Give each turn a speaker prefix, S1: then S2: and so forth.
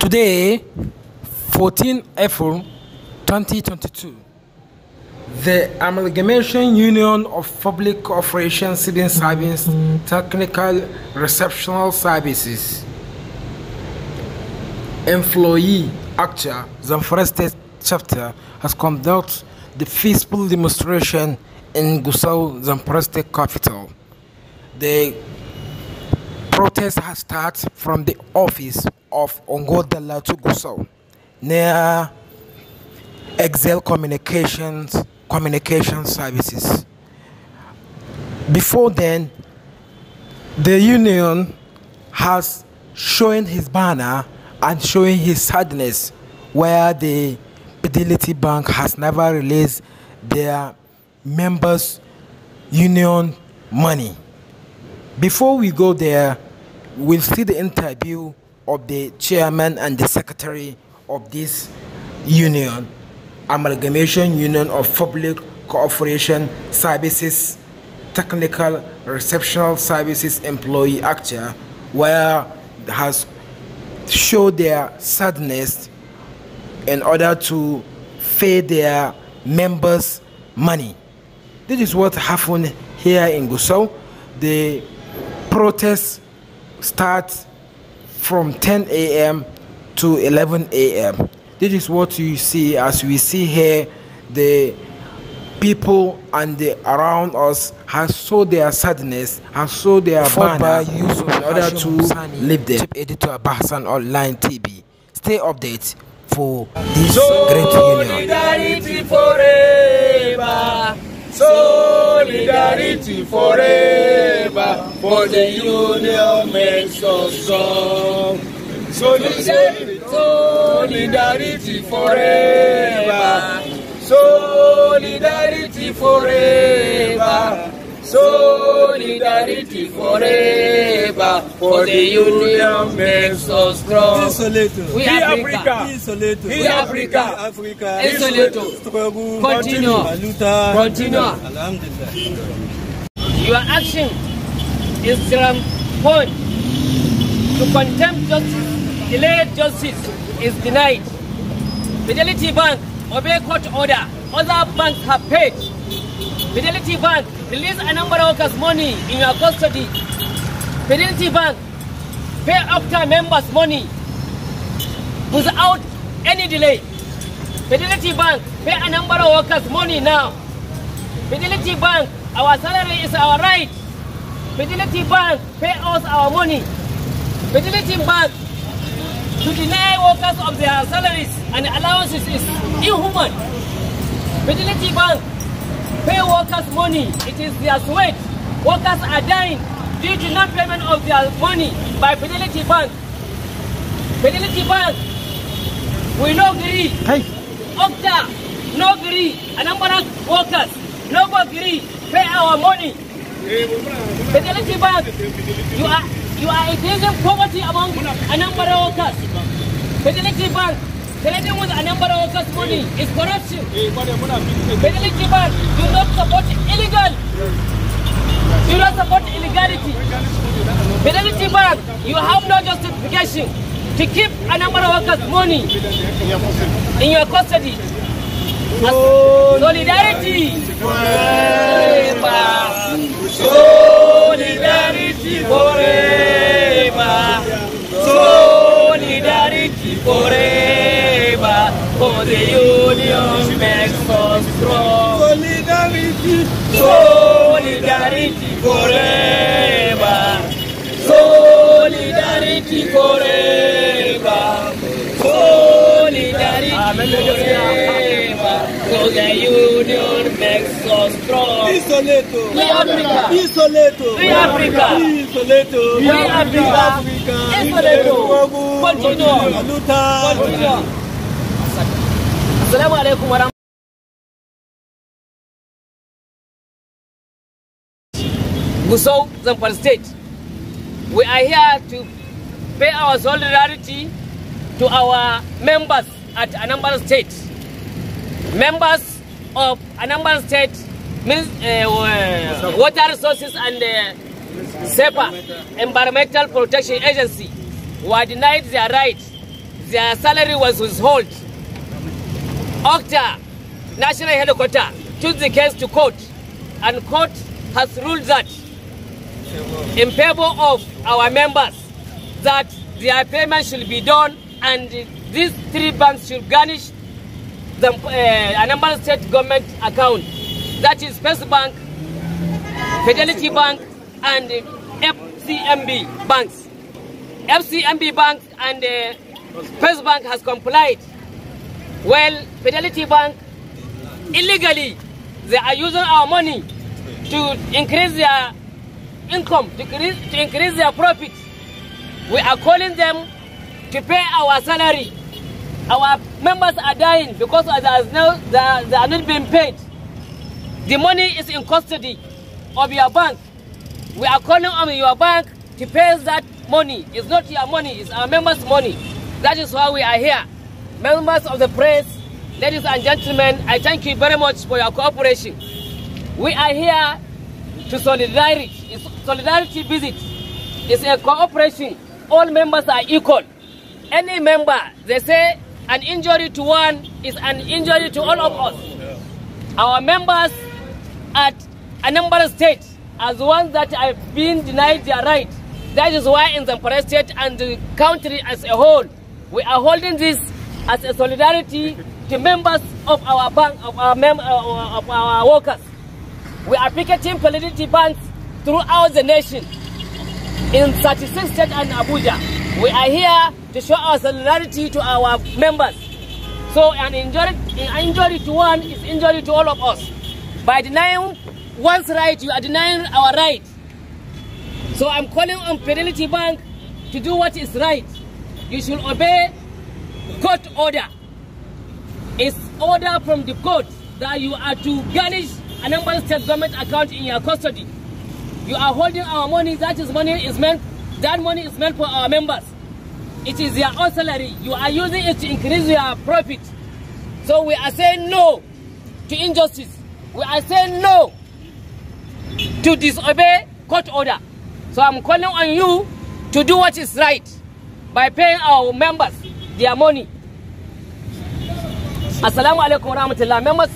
S1: Today, 14 April 2022, the Amalgamation Union of Public Operations Civil Service Technical Receptional Services Employee Actor Zamfara State Chapter has conducted the peaceful demonstration in Gusau, Zamfara State Capital. The protest has started from the office of Ongodala Tuguso near Excel Communications Communication Services. Before then, the union has shown his banner and showing his sadness where the Fidelity Bank has never released their members' union money. Before we go there, we'll see the interview of the chairman and the secretary of this union, Amalgamation Union of Public Cooperation Services Technical Receptional Services Employee Actor, where has showed their sadness in order to pay their members money. This is what happened here in Gusau. The protest starts from 10 a.m. to 11 a.m. This is what you see as we see here the people and the around us have saw their sadness and saw their banner use in order to live there. Chief Editor Bahsan Online TV. Stay updated for this great union.
S2: Forever. Solidarity forever labor for the union makes us strong. Solidarity, solidarity forever. Solidarity forever. Solidarity forever for the union makes us strong.
S1: Isoleto. We Africa. Isoleto. We Africa. Africa.
S2: Isoleto.
S1: Continue. Continue.
S2: Continue. You are action Islam point to contempt justice, delayed justice is denied. Fidelity Bank, obey court order, other banks have paid. Fidelity Bank, release a number of workers' money in your custody. Fidelity Bank, pay after members' money without any delay. Fidelity Bank, pay a number of workers' money now. Fidelity Bank, our salary is our right. Fidelity Bank pay us our money. Fidelity Bank to deny workers of their salaries and allowances is inhuman. Fidelity Bank pay workers money. It is their sweat. Workers are dying due to not payment of their money by Fidelity Bank. Fidelity Bank will not agree. Hey. Okta, no agree. A number of workers, no agree. Pay our money. Fidelity Bank, you are you are increasing poverty among a number of workers. Fidelity Bank, trading with a number of workers' money is corruption. Fidelity Bank, do not support illegal. Do not support illegality. Fidelity Bank, you have no justification to keep a number of workers' money in your custody. Solidarity. Solidarity forever. Solidarity forever. For the union makes us strong. Solidarity. Solidarity forever. Solidarity forever. Solidarity forever. So the union makes us strong. Isoleto. We Africa. Isoleto. We Africa. Isoleto. We Africa. Isoleto. Continue. Continue. Assalamu alaikum Gusau, Zamfara State. We are here to pay our solidarity to our members at Anambra State. members of Anambra State uh, uh, Water Resources and uh, SEPA, Environmental Protection Agency, were denied their right. Their salary was withheld. OCTA, National helicopter took the case to court, and court has ruled that in favor of our members that their payment should be done and these three banks should garnish the uh, Anambra State government account. That is First Bank, Fidelity Bank, and FCMB banks. FCMB Bank and uh, First Bank has complied. Well, Fidelity Bank, illegally, they are using our money to increase their income, to increase, to increase their profit. We are calling them to pay our salary our members are dying because they, no, they, they are not being paid. The money is in custody of your bank. We are calling on your bank to pay that money. It's not your money, it's our members' money. That is why we are here. Members of the press, ladies and gentlemen, I thank you very much for your cooperation. We are here to solidarity. It's solidarity visit. It's a cooperation. All members are equal. Any member, they say an injury to one is an injury to all of us. Our members at a Anambra State as ones that have been denied their right. That is why in Zamfara State and the country as a whole, we are holding this as a solidarity to members of our bank, of our, mem uh, uh of our workers. We are picketing validity banks throughout the nation in 36 states and Abuja. We are here to show our solidarity to our members. So an injury, an injury to one is injury to all of us. By denying one's right, you are denying our right. So I'm calling on Fidelity Bank to do what is right. You should obey court order. It's order from the court that you are to garnish a number state government account in your custody. You are holding our money, that is money is meant, that money is meant for our members. It is your own salary. You are using it to increase your profit. So we are saying no to injustice. We are saying no to disobey court order. So I'm calling on you to do what is right by paying our members their money. Assalamu alaikum warahmatullahi members